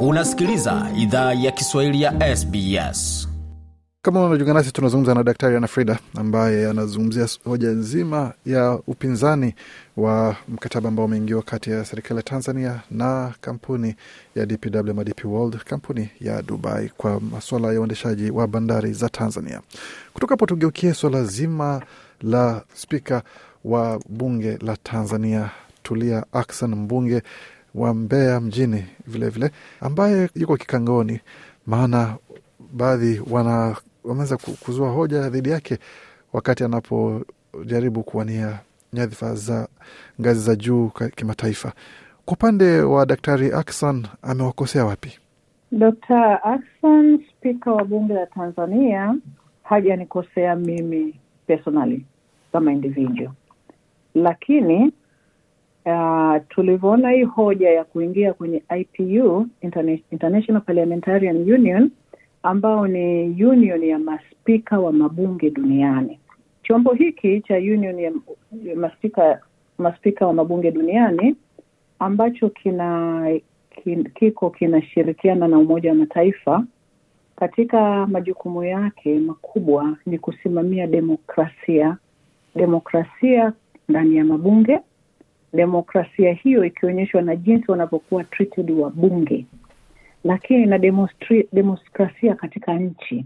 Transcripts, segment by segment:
Unasikiliza idhaa ya Kiswahili ya SBS. Kama unajiunga nasi, tunazungumza na Daktari Ana Frida ambaye anazungumzia hoja nzima ya upinzani wa mkataba ambao umeingiwa kati ya serikali ya Tanzania na kampuni ya DPW World, kampuni ya Dubai, kwa masuala ya uendeshaji wa bandari za Tanzania. Kutoka po tugeukie swala zima la spika wa bunge la Tanzania Tulia Akson, mbunge wa Mbeya mjini vilevile vile, ambaye yuko kikangoni, maana baadhi wana kuzua hoja dhidi yake wakati anapojaribu kuwania nyadhifa za ngazi za juu kimataifa. Kwa upande wa Daktari Akson, amewakosea wapi? Dr. Akson, spika wa bunge la Tanzania, hajanikosea mimi personally kama individual, lakini Uh, tulivyoona hii hoja ya kuingia kwenye IPU, Interna International Parliamentarian Union, ambao ni union ya maspika wa mabunge duniani. Chombo hiki cha union ya maspika, maspika wa mabunge duniani ambacho kina kin, kiko kinashirikiana na Umoja wa Mataifa katika majukumu yake makubwa ni kusimamia demokrasia demokrasia ndani ya mabunge demokrasia hiyo ikionyeshwa na jinsi wanavyokuwa treated bunge lakini na demokrasia katika nchi.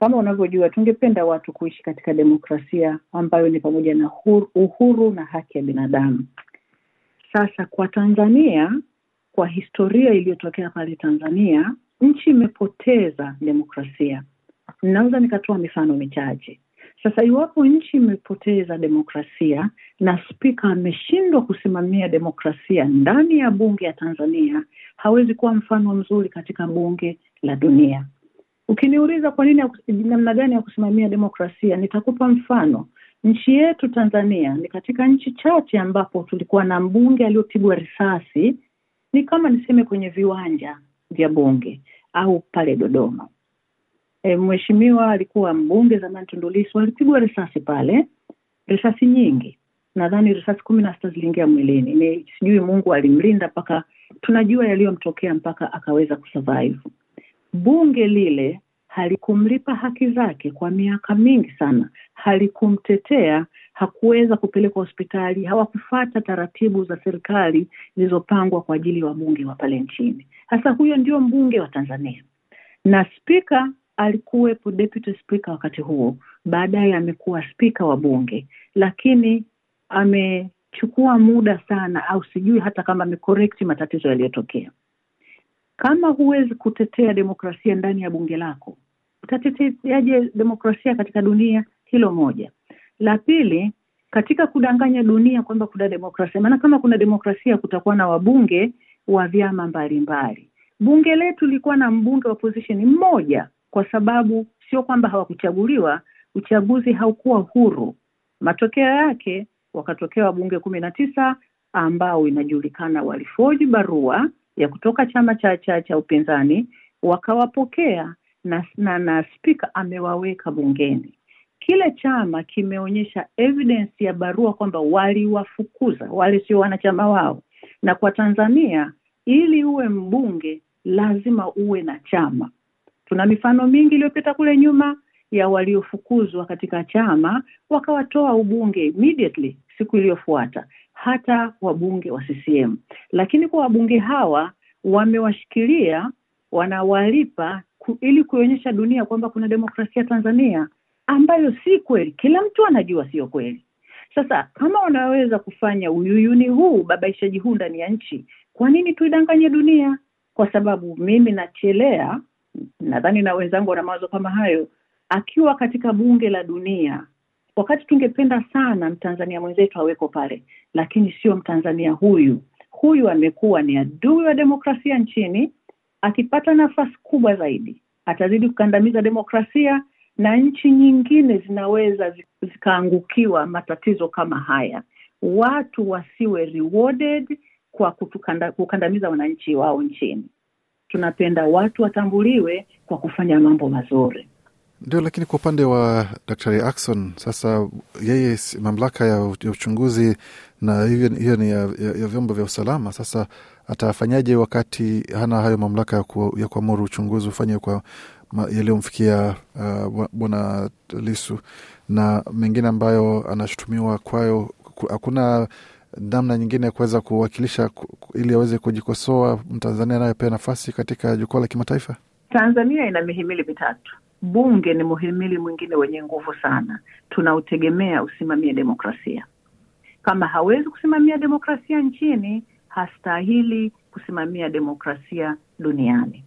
Kama unavyojua, tungependa watu kuishi katika demokrasia ambayo ni pamoja na uhuru, uhuru na haki ya binadamu. Sasa kwa Tanzania, kwa historia iliyotokea pale Tanzania, nchi imepoteza demokrasia. Naweza nikatoa mifano michache. Sasa iwapo nchi imepoteza demokrasia, na spika ameshindwa kusimamia demokrasia ndani ya bunge ya Tanzania, hawezi kuwa mfano mzuri katika bunge la dunia. Ukiniuliza kwa nini, namna gani ya kusimamia demokrasia, nitakupa mfano. Nchi yetu Tanzania ni katika nchi chache ambapo tulikuwa na mbunge aliyopigwa risasi, ni kama niseme kwenye viwanja vya bunge au pale Dodoma. E, mheshimiwa alikuwa mbunge zamani Tundu Lissu alipigwa risasi pale, risasi nyingi nadhani risasi kumi na sita ziliingia mwilini ni sijui mungu alimlinda mpaka tunajua yaliyomtokea mpaka akaweza kusurvive bunge lile halikumlipa haki zake kwa miaka mingi sana halikumtetea hakuweza kupelekwa hospitali hawakufata taratibu za serikali zilizopangwa kwa ajili ya wa wabunge wa pale nchini sasa huyo ndio mbunge wa tanzania na spika alikuwepo deputy spika wakati huo baadaye amekuwa spika wa bunge lakini amechukua muda sana, au sijui hata kama amekorekti matatizo yaliyotokea. Kama huwezi kutetea demokrasia ndani ya bunge lako, utateteaje demokrasia katika dunia? Hilo moja. La pili, katika kudanganya dunia kwamba kuna demokrasia, maana kama kuna demokrasia kutakuwa na wabunge wa vyama mbalimbali. Bunge letu lilikuwa na mbunge wa opposition mmoja, kwa sababu sio kwamba hawakuchaguliwa, uchaguzi haukuwa huru. Matokeo yake wakatokea wabunge kumi na tisa ambao inajulikana walifoji barua ya kutoka chama cha cha, cha upinzani wakawapokea na, na, na spika amewaweka bungeni. Kile chama kimeonyesha evidence ya barua kwamba waliwafukuza wale sio wanachama wao, na kwa Tanzania ili uwe mbunge lazima uwe na chama. Tuna mifano mingi iliyopita kule nyuma ya waliofukuzwa katika chama wakawatoa ubunge immediately siku iliyofuata, hata wabunge wa CCM. Lakini kwa wabunge hawa wamewashikilia, wanawalipa ku, ili kuionyesha dunia kwamba kuna demokrasia Tanzania, ambayo si kweli, kila mtu anajua sio kweli. Sasa kama wanaweza kufanya uyuyuni huu, babaishaji huu ndani ya nchi, kwa nini tuidanganye dunia? Kwa sababu mimi nachelea, nadhani na wenzangu wana mawazo kama hayo, akiwa katika bunge la dunia wakati tungependa sana mtanzania mwenzetu aweko pale lakini sio mtanzania huyu huyu amekuwa ni adui wa demokrasia nchini akipata nafasi kubwa zaidi atazidi kukandamiza demokrasia na nchi nyingine zinaweza zikaangukiwa matatizo kama haya watu wasiwe rewarded kwa kutukanda, kukandamiza wananchi wao nchini tunapenda watu watambuliwe kwa kufanya mambo mazuri ndio, lakini kwa upande wa Daktari Axon sasa, yeye mamlaka ya uchunguzi na hiyo ni ya, ya, ya vyombo vya usalama. Sasa atafanyaje wakati hana hayo mamlaka ya, ku, ya kuamuru uchunguzi ufanye kwa yaliyomfikia uh, Bwana Lisu na mengine ambayo anashutumiwa kwayo. Hakuna namna nyingine ya kuweza kuwakilisha ili aweze kujikosoa mtanzania naye nafasi katika jukwaa la kimataifa. Tanzania ina mihimili mitatu Bunge ni muhimili mwingine wenye nguvu sana tunautegemea usimamie demokrasia. Kama hawezi kusimamia demokrasia nchini, hastahili kusimamia demokrasia duniani.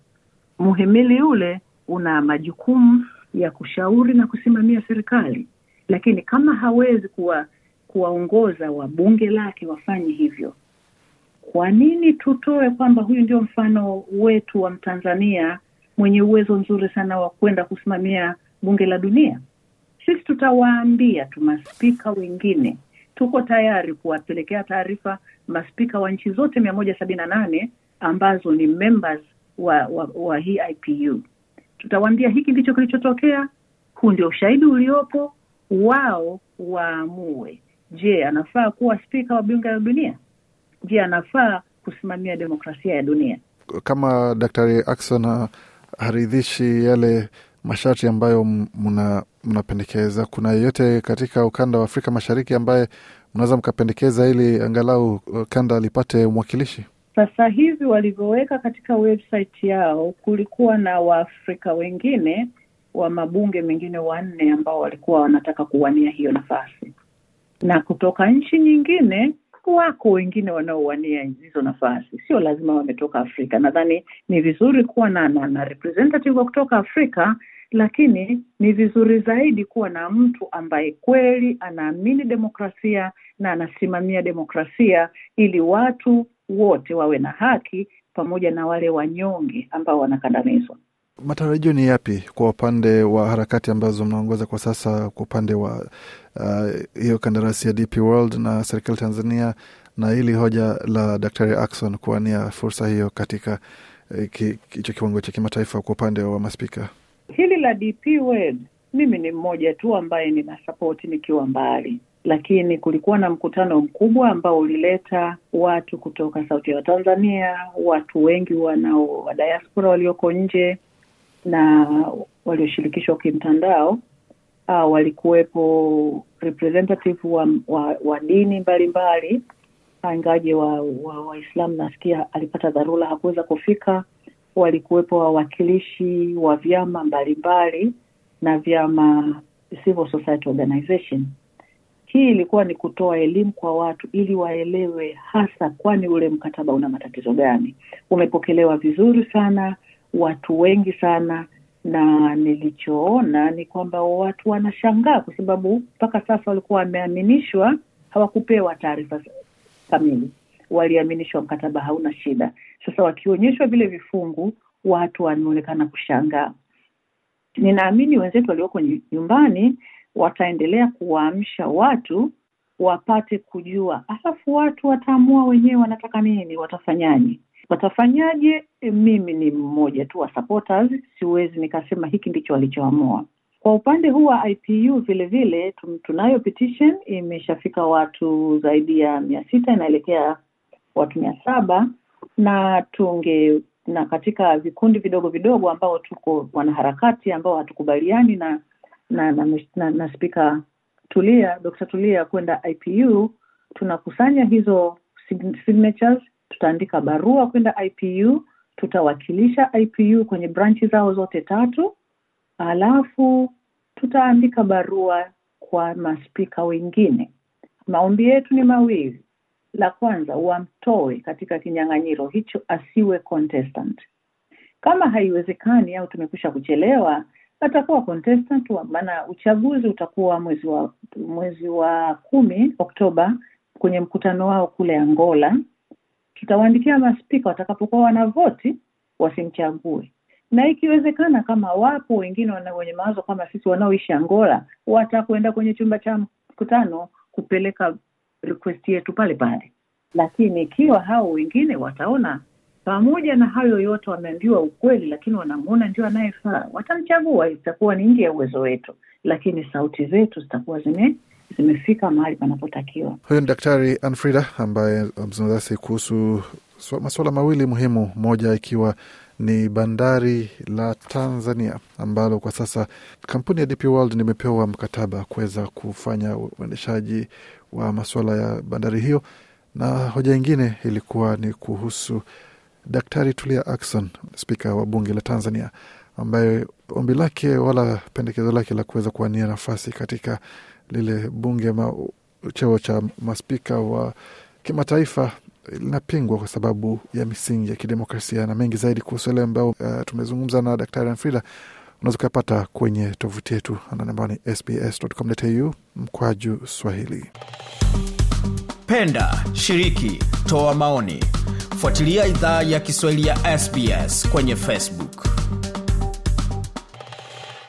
Muhimili ule una majukumu ya kushauri na kusimamia serikali, lakini kama hawezi kuwa kuwaongoza wabunge lake wafanye hivyo, kwa nini tutoe kwamba huyu ndio mfano wetu wa Mtanzania mwenye uwezo nzuri sana wa kwenda kusimamia bunge la dunia. Sisi tutawaambia tu maspika wengine, tuko tayari kuwapelekea taarifa maspika wa nchi zote mia moja sabini na nane ambazo ni members wa, wa, wa hii IPU. Tutawaambia hiki ndicho kilichotokea, huu ndio ushahidi uliopo, wao waamue. Je, anafaa kuwa spika wa bunge la dunia? Je, anafaa kusimamia demokrasia ya dunia? Kama Daktari Akson haridhishi yale masharti ambayo mnapendekeza. kuna yeyote katika ukanda wa Afrika Mashariki ambaye mnaweza mkapendekeza ili angalau uh, kanda lipate mwakilishi? Sasa hivi walivyoweka katika website yao, kulikuwa na Waafrika wengine wa mabunge mengine wanne ambao walikuwa wanataka kuwania hiyo nafasi, na kutoka nchi nyingine wako wengine wanaowania hizo nafasi, sio lazima wametoka Afrika. Nadhani ni vizuri kuwa na, na, na representative wa kutoka Afrika, lakini ni vizuri zaidi kuwa na mtu ambaye kweli anaamini demokrasia na anasimamia demokrasia ili watu wote wawe na haki pamoja na wale wanyonge ambao wanakandamizwa. Matarajio ni yapi kwa upande wa harakati ambazo mnaongoza kwa sasa, kwa upande wa uh, hiyo uh, kandarasi ya DP World na serikali Tanzania na hili hoja la Daktari Axon kuwania fursa hiyo katika hicho uh, ki, kiwango cha kimataifa kwa upande wa maspika? Hili la DP World, mimi ni mmoja tu ambaye ninasapoti nikiwa mbali lakini kulikuwa na mkutano mkubwa ambao ulileta watu kutoka Sauti ya Tanzania, watu wengi wanao wa diaspora walioko nje, na walioshirikishwa kimtandao uh, walikuwepo representative wa, wa, wa dini mbalimbali ah, ingawaje wa Waislam wa nasikia alipata dharura hakuweza kufika. Walikuwepo wawakilishi wa vyama mbalimbali na vyama civil society organization. Hii ilikuwa ni kutoa elimu kwa watu ili waelewe hasa, kwani ule mkataba una matatizo gani. Umepokelewa vizuri sana watu wengi sana na nilichoona ni kwamba watu wanashangaa kwa sababu mpaka sasa walikuwa wameaminishwa hawakupewa taarifa kamili waliaminishwa mkataba hauna shida sasa wakionyeshwa vile vifungu watu wanaonekana kushangaa ninaamini wenzetu walioko nyumbani wataendelea kuwaamsha watu wapate kujua alafu watu wataamua wenyewe wanataka nini watafanyaje Watafanyaje? E, mimi ni mmoja tu wa supporters, siwezi nikasema hiki ndicho walichoamua. Kwa upande huu wa IPU vile vile tunayo petition imeshafika watu zaidi ya mia sita inaelekea watu mia saba na tunge na katika vikundi vidogo vidogo ambao tuko wanaharakati ambao hatukubaliani na na na, na, na, na spika Tulia, Dr. Tulia kwenda IPU, tunakusanya hizo signatures tutaandika barua kwenda IPU, tutawakilisha IPU kwenye branchi zao zote tatu, alafu tutaandika barua kwa maspika wengine. Maombi yetu ni mawili. La kwanza, wamtoe katika kinyang'anyiro hicho, asiwe contestant. Kama haiwezekani au tumekwisha kuchelewa, atakuwa contestant, maana uchaguzi utakuwa mwezi wa mwezi wa kumi Oktoba kwenye mkutano wao kule Angola tutawaandikia maspika watakapokuwa wanavoti wasimchague na ikiwezekana kama wapo wengine wenye mawazo kama sisi wanaoishi Angola watakwenda kwenye chumba cha mkutano kupeleka request yetu pale pale, lakini ikiwa hao wengine wataona pamoja na hayo yote wameambiwa ukweli, lakini wanamuona ndio anayefaa, watamchagua. Itakuwa ni nje ya uwezo wetu, lakini sauti zetu zitakuwa zime zimefika mahali panapotakiwa. Huyo ni Daktari Anfrida ambaye amezungumzasi kuhusu masuala mawili muhimu, moja ikiwa ni bandari la Tanzania ambalo kwa sasa kampuni ya DP World mkataba kuweza kufanya uendeshaji wa masuala ya bandari hiyo, na hoja ingine ilikuwa ni kuhusu Daktari Tulia Ackson, spika wa bunge la Tanzania, ambaye ombi lake wala pendekezo lake la kuweza kuwania nafasi katika lile bunge ma, cheo cha maspika wa kimataifa linapingwa kwa sababu ya misingi ya kidemokrasia na mengi zaidi kuhusu yale ambayo uh, tumezungumza na Daktari Anfrida unaweza ukapata kwenye tovuti yetu ambayo ni sbscu mkwaju Swahili. Penda, shiriki, toa maoni, fuatilia idhaa ya Kiswahili ya SBS kwenye Facebook.